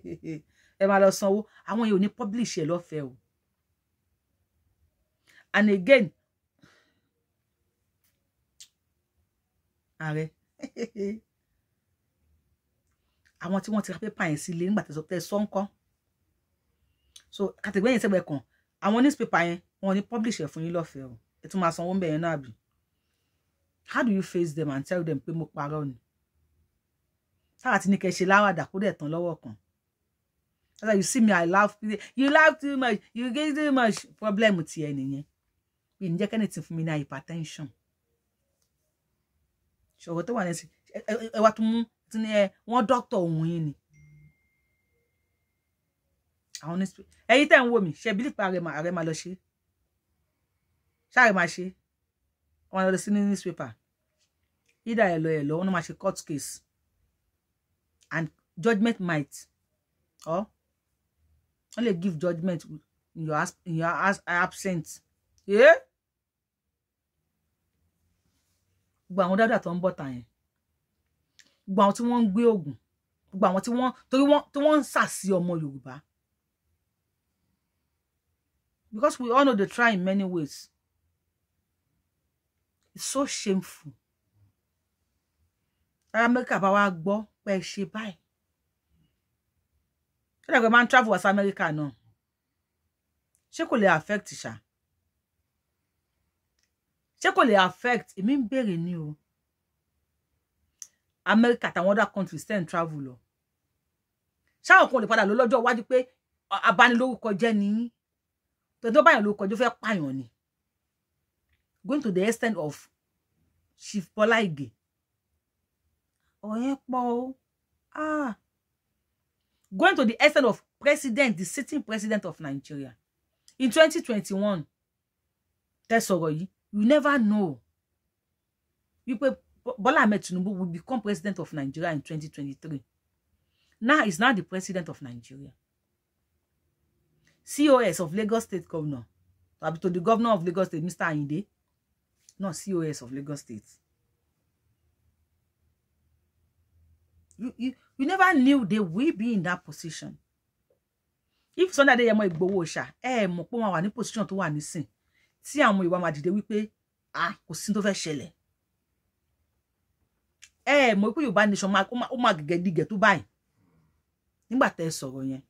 Speaker 1: ẹ máa lọ sanwó àwọn yìí ò ní publish ẹ lọ́fẹ̀ẹ́ o and again ààrẹ àwọn tí wọ́n ti ra pépà yẹn sílé nígbà tẹ̀sán tẹ̀sán ńkọ́ so kàtẹ́gbẹ́yìn sẹ́gbẹ̀ẹ́ kan àwọn newspaper yẹn wọ́n ní publish ẹ̀ fún yín lọ́fẹ̀ẹ́ o ẹ tún máa sanwó ń bẹ̀ yẹn náà bì how do you face them and tell them pé mo parọ́ ni sáà tí ní kẹ́ ṣe láwàdà kó dẹ̀ tán lọ́wọ́ kan that's why you see me i laugh you laugh too much you get too much problem ti ẹ nìyẹn mi ń jẹ́ kẹ́ni tí fún mi ní hypertension ṣòro tó wà ní ẹ wá tún mú tí ẹ eh, wọ́n dókítà òun yín ni àwọn ní spirit ẹ̀yin tẹ́ ń wò mí ṣe bílípà àrẹ̀mà àrẹ̀mà lọ ṣe ṣáà máa ṣe wọ́n lọ sí ní newspaper either ẹ lọ ẹ lọ wọ́n máa ṣe court case and judgment might or wọ́n lè give judgment in your in your as Yeah. Eh? gbogbo àwọn dáadáa tó ń bọ̀ tà yẹn gbogbo àwọn tí wọ́n ń gbé oògùn gbogbo àwọn tí wọ́n torí wọ́n tí wọ́n ń sàsí ọmọ Yorùbá because we all know they try in many ways it's so shameful ará Amẹ́ríkà bá wa gbọ́ pé ẹ ṣe báyìí ṣé dàgbẹ́ máa ń travel wá sí Amẹ́ríkà náà ṣé kò lè affect ṣá ṣé kò lè affect èmi ń béèrè ni o. America àtàwọn other countries ten travel lọ ṣáà kan lè padà lọ lọ́jọ́ iwájú pé abanilórúkọ jẹ́ nìyí tọ́jọ́ báyọ̀ lórúkọ jẹ́ fẹ́ pààyàn ni going to the extent of Chief Bọ́lá Ìgè ọ̀yẹ́ pọ̀ o ah going to the extent of president the sitting president of Nigeria in 2021 tẹ́ sọ̀rọ̀ yìí you never know wípé Bola Ahmed Tinubu will become president of Nigeria in 2023. Now he's now the president of Nigeria. COS of Lagos State Governor, to the governor of Lagos State, Mr. Ayinde, not COS of Lagos State. You, you, you never knew they will be in that position. If Sunday Adé Yẹmọ Ìgbòho Òòṣà, ẹ mọ̀ pé wọ́n wà ní position tó wà nísìn, tí àwọn ìwà máa dìde wípé, ah, kò sí tó fẹ́ ṣẹlẹ̀ ẹ ẹ mọ̀ pé yorùbá nation ó máa gẹ̀gẹ̀ digẹ̀ tó báyìí nígbà tẹ́ ẹ sọ̀rọ̀ yẹn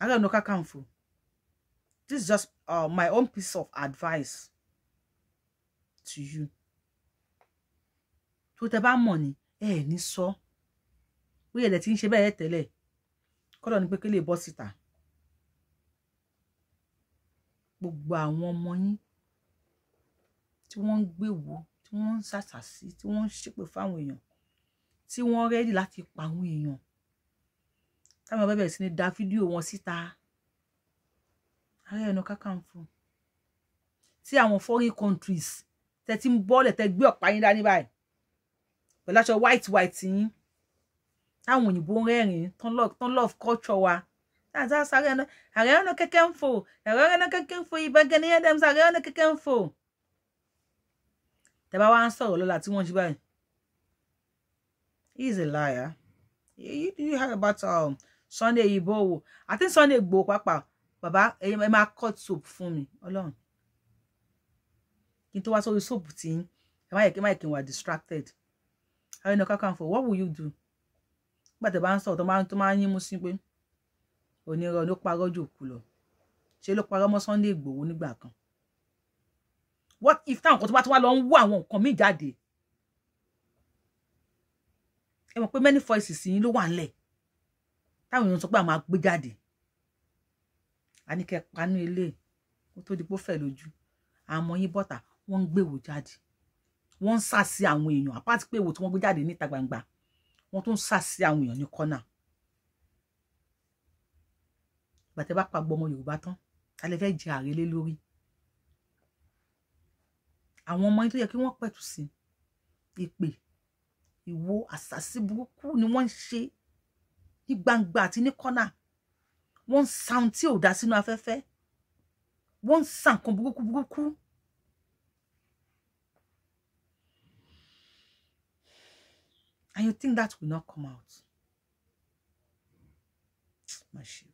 Speaker 1: Ààrẹ Ọ̀nà Kakanfò this is just uh, my own piece of advice to you tó tẹ́ bá mọ̀ ni ẹ ẹ ní sọ ó yẹ lẹ ti ń ṣe bẹ́ẹ̀ tẹ́lẹ̀ kọlọ ni pé kí lè bọ́ síta gbogbo àwọn ọmọ yín tí wọ́n ń gbé wo tí wọ́n ń ṣàṣàṣì tí wọ́n ń ṣépè fáwọn èèyàn tí wọ́n rẹ́dì láti pa àwọn èèyàn táwọn ọba bẹ̀rẹ̀ sí ní da fídíò wọn síta ààrẹ ọ̀nà kákàǹfò tí àwọn foreign countries tẹ́ ti ń bọ́ọ̀lẹ̀ tẹ́ gbé ọ̀pá yín dání báyìí pẹ̀lú aṣọ white white yín táwọn òyìnbó ń rẹ́rìn tán love culture wa àti àṣà ààrẹ ọ̀nà kẹ́kẹ́ ń fò ààrẹ ọ̀nà kẹ́kẹ́ ń fò ìbẹ́gẹ́ ní ẹ̀dẹ́mùsà ààrẹ ọ̀nà kẹ́kẹ́ ń fò tẹ bá wá ń sọ̀rọ̀ lọ́la tí wọ́n ṣe báyìí he is a liar you, you heard about um, Sunday Igboho I think Sunday Igboho Papa, bàbá ẹ máa cut soap fún mi Ọlọ́run kí n tó wá sórí soap tí ẹ má yẹ kí ẹ má yẹ kí n wà distracted Ààrẹ Ọ̀nà Kakanfò what will you do nígbà tẹ bá ń sọ̀rọ̀ tó máa ń yín mú sí pé onírọ̀ ló parọ́ jù kú lọ ṣe ló parọ́ mọ́ Sunday Igboho nígbà kan what if táwọn kan tó bá tó wá lọ ń wá àwọn nǹkan míì jáde ẹ mọ̀ many voices yín ló wà ńlẹ̀ táwọn èèyàn sọ pé àwọn máa gbé Ani àníkẹ́ panú ilé kó tó di po ó fẹ̀ lójú àmọ́ yín bọ́tà wọ́n ń gbèwò jáde sasi ń sá sí àwọn èèyàn àpáti pé èwo tí wọ́n ni jáde níta gbangba wọ́n tún ń sá sí àwọn èèyàn ní kọ́nà gbàtẹ́ bá pa gbọmọ Yorùbá tán ta lè fẹ́ jẹ ààrẹ lé lórí àwọn ọmọ yín tó yẹ kí wọ́n pẹ̀tù sí ìpè ìwo àṣàṣì burúkú ni wọ́n ń ṣe ní gbangba àti ní kọ́nà wọ́n ń sa ohun tí ò dá sínú afẹ́fẹ́ wọ́n ń sa nǹkan burúkú burúkú. And you think that will not come out? Mashi.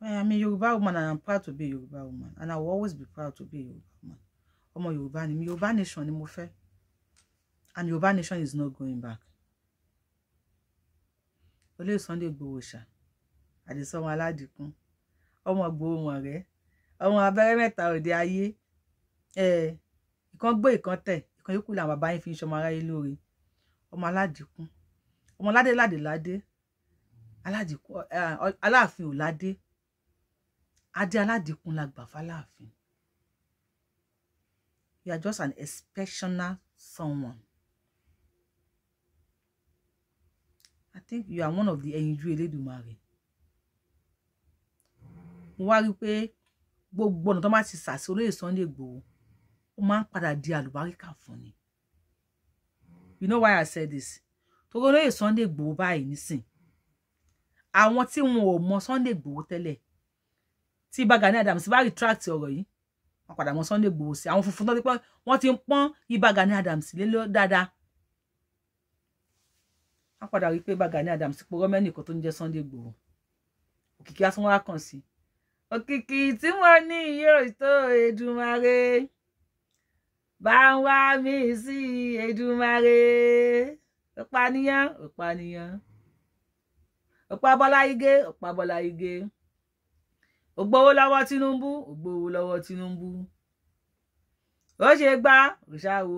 Speaker 1: Well, I'm a Yoruba woman and I'm proud to be a Yoruba woman. And I will always be proud to be a Yoruba woman ọmọ yorùbá ni mi yorùbá nation ni mo fẹ́ and yorùbá nation is not going back olóyè sunday gbowó ṣá àdìsọ ọmọ aládìkún ọmọ gbowó wọn rẹ ọmọ abẹ́rẹ́ mẹ́ta òde ayé ìkan gbé ìkan tẹ̀ ìkan yòókù làwọn bàbá yín fi ń ṣọmọ aráyé lóore ọmọ aládìkún ọmọ ládé ládé ládé aládìkún aláàfin ò ládé adé aládìkún la gbà fáláàfin You are just an exceptional someone. I think you are one of the ẹyinjú Elédùmarè. marry. wá rí i pé gbogbo ọ̀nà tó bá ti sà sí Sunday Igboho, ó máa ń di àlùbáríkà fún ni. You know why I said this? To go olóyè Sunday Igboho báyìí nísìn. Àwọn tí wọn ò mọ Sunday Igboho tẹ́lẹ̀ tí bá Gani Adams bá retract ọ̀rọ̀ yìí wọn padà mọ Sunday Igboho sí àwọn funfun tó ti pọ wọn ti ń pọ́n Ìbà Gani Adams lé dáadáa wọn padà rí i pé Ìbà Gani Adams pọ gọmẹnì kan tó ń jẹ́ Sunday Igboho òkìkí á tún wá kàn sí òkìkí tí mo ní yóò tó Èdùmàrè bá ń wá mi sí Èdùmàrè ọ̀pá níyàn ọ̀pá níyàn ọ̀pá bọ́lá igé ọ̀pá bọ́lá igé ó gbowó lọ́wọ́ Tinubu ó gbowó lọ́wọ́ Tinubu ó ṣe gbá òṣàwò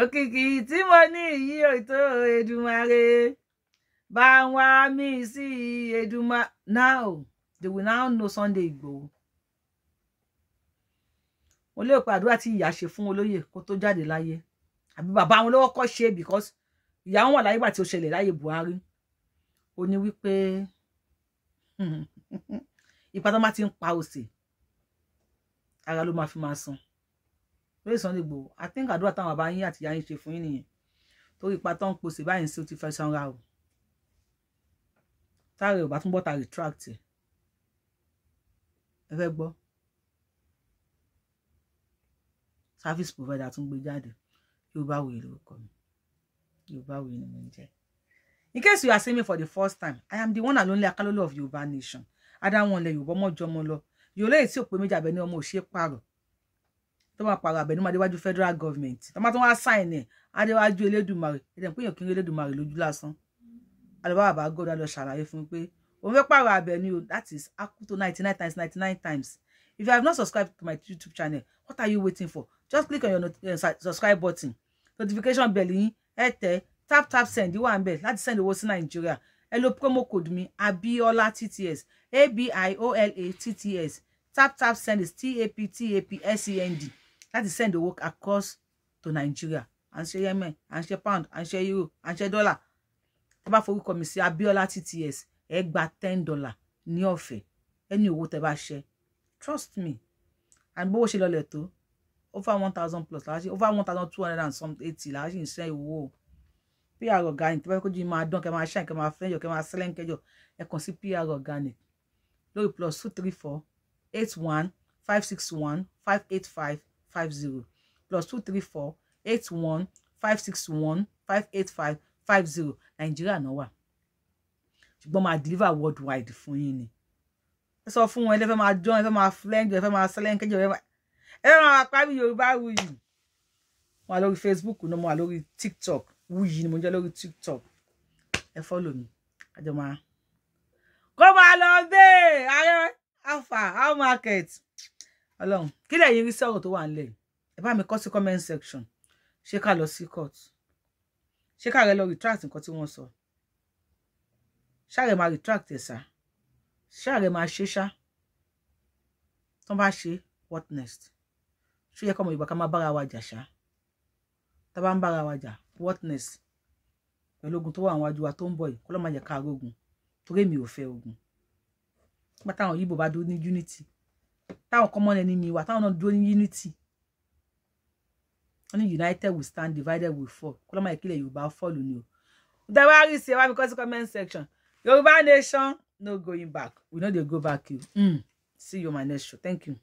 Speaker 1: òkìkí tí mo ní ìyí ètò Èdùmàrè bá ń mí sí Èdùmà now they will now know Sunday Igboho mo lérò pé àdúrà tí ìyá ṣe fún olóyè kó tó jáde láyé àbí bàbá àwọn lọ́wọ́ kọ́ ṣe because ìyá wọn wà láyé gbà tí ó ṣẹlẹ̀ láyé Buhari ó ní wípé ipa tó má ti ń pa òsè ara ló máa fi máa san lórí Sunday Igboho I think àdúrà táwọn bàbá yín àtìyá yín ṣe fún yín nìyẹn torí ipa tó ń pòsè báyìí sí ó ti fẹ́ sanra o táàrẹ̀ ò bá túnbọ̀ ta retract ẹ̀ ẹ fẹ́ gbọ́ service provider tún gbé jáde Yorùbá Wuyi lórúkọ mi Yorùbá Wuyi ni mo ń jẹ́ in case you are seeing me for the first time I am the one and only Akalolo of Yorùbá Nation adáwọn ilẹ̀ yorùbá ọmọ jọ ọmọ lọ yorùbá èyí tí ò pé méjì abẹni ọmọ ò ṣe pààrọ̀ tó máa pààrọ̀ abẹni máa déwájú federal government tó máa tó wá sáìn ẹ̀ adéwájú elédùnmarè ẹ̀dẹ̀ pé èèyàn kí n rí elédùnmarè lójú lásán alùpàá bàbá gọ́dọ̀ lọ ṣàlàyé fún un pé òun fẹ́ pààrọ̀ abẹni o that is akuto ninety nine times ninety nine times if you have not subscribed to my youtube channel what are you waiting for just click on your uh, subscribe button notification bell yín ẹ tẹ tap tap send wà ń bẹ láti send owó sí nàìjíríà ẹ promo code mi abiola tts A A B I O L T T S tap tap send is T A tap tap send láti send owó across to nigeria à ń ṣe yemen à ń ṣe pound à ń ṣe euro à ń ṣe dollar tẹ bá forúkọ mi sí abiola tts ẹ gba ten dollar ní ọ̀fẹ́ ẹni owó tẹ bá ṣe trust me and bówó ṣe lọlẹ̀ tó over one thousand plus làwọn over one thousand two hundred and some eighty làwọn ṣe ń ṣe owó o PR organic tẹ́fẹ́ kójú máa dán kẹ́ máa ṣáìn kẹ́ máa fẹ́jọ kẹ́ máa sílẹ̀ kẹjọ ẹ kàn sí PR organic lórí plus two three four eight one five six one five eight five five zero plus two three four eight one five six one five eight five five zero nàìjíríà náà wà ṣùgbọ́n máa deliver worldwide fún yín ni ẹ sọ fún wọn ẹ fẹ́ máa dán ẹ fẹ́ máa flẹ́ńjọ ẹ fẹ́ máa sẹ́lẹ́ńkẹ́jọ ẹ fẹ́ máa parí yorùbá wuyì wọn wà lórí facebook náà wọn wà lórí tiktok Wuyì ni mo jẹ́ lórí TikTok ẹ follow mi àjọ máa kó máa lọ dé ààrẹ alpha how market Ọlọ́run kí lẹ̀yin rí sọ̀rọ̀ tó wà nílẹ̀ ẹ bá mi kọ sí comment section ṣé ká lọ sí court ṣé ká rẹ lọ retract nǹkan tí wọ́n sọ ṣáàrẹ máa retract ẹ sá ṣáàrẹ máa ṣe ṣá tán bá ṣe what next ṣó yẹ kọmọ Yorùbá ká má bára wa jà ṣá tá bá ń bára wa jà whatness pẹ̀lú ogun tó wà àwọn ajúwa tó ń bọ̀ yìí kó lọ́ọ́ má jẹ́ ká arógun torí èmi ò fẹ́ ogun nígbà táwọn yìí bò bá dúró ní unity táwọn common enemy wà táwọn náà dúró ní unity wọ́n ní united we stand divided we fall kó lọ́ọ́ má jẹ́ kílẹ̀ yorùbá fall ni o dawari sí ẹwà because comment section yorùbá nation no going back we no dey go back you mm. see you my next show thank you.